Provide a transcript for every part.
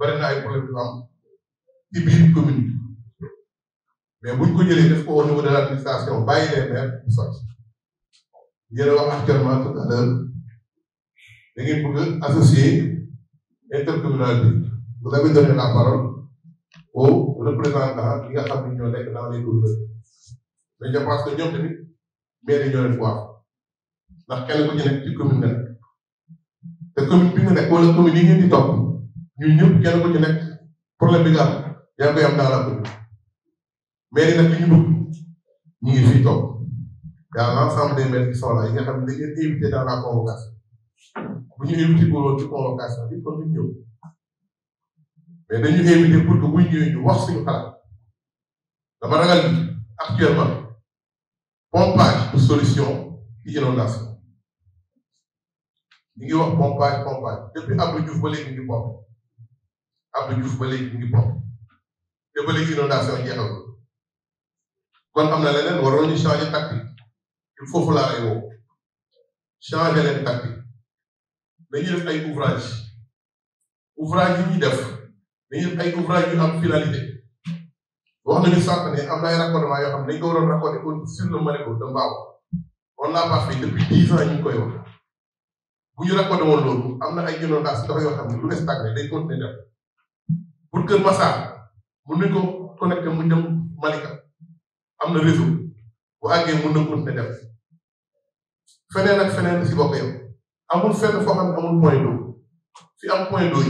bari na ay problème yu am ci biir commune bi mais buñ ko jëlee def ko au niveau de l' administration bàyyi les maires du sotti yéen a wax actuellement tout à l' heure da ngeen bëgg associer intercommunalité vous avez donné la parole aux représentants yi nga xam ne ñoo nekk dans les communes mais je pense que ñoom tamit maire ñoo leen wax ndax kenn ku ci nekk ci commune nga nekk te commune bi nga nekk wala commune yi ngeen di topp nous ñëpp kenn ku ci nekk problème bi nga am yaa am dans la commune nag ñu bëgg ñu ngi des maires qui là yi nga xam ne invité dans la convocation bu ñu invité convocation bi ñëw mais dañu invité pour que buñ ñu wax suñu xalaat dama ragal actuellement pompage de solution ci inondation nous ngi wax pompage pompage depuis ba léegi ñu Abdou Diouf ba léegi mu ngi bopp te kon am na leneen waroon ñu changer tactique il foofu laa lay woo changer leen tactique dañuy def ay ouvrage ouvrage yi ñuy def dañuy def ay ouvrage yu am finalité wax nañu sànq ne am na ay raccordement yoo xam ne dañ waroon raccordé au sur le Marigot de Mbao on l'a pas fait depuis dix ans ñu ngi koy wax bu ñu raccordé loolu am na ay inondation dafa yoo xam ne lu ne stagné day continuer def pour Kër Massar mun nañ ko connecté mu dem Malika am na réseau bu àggee mun na continuer def feneen ak feneen si bokk yow amul fenn foo xam ne amul fi am point d'eau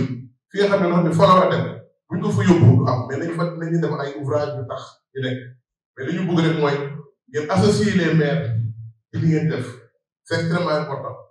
fi nga ne loo xam ne fa a dem bu ñu ko fa am mais fa nañu def ay ouvrage yu tax ñu nekk mais li ñu bëgg rek mooy ngeen associer les def c'est extrêmement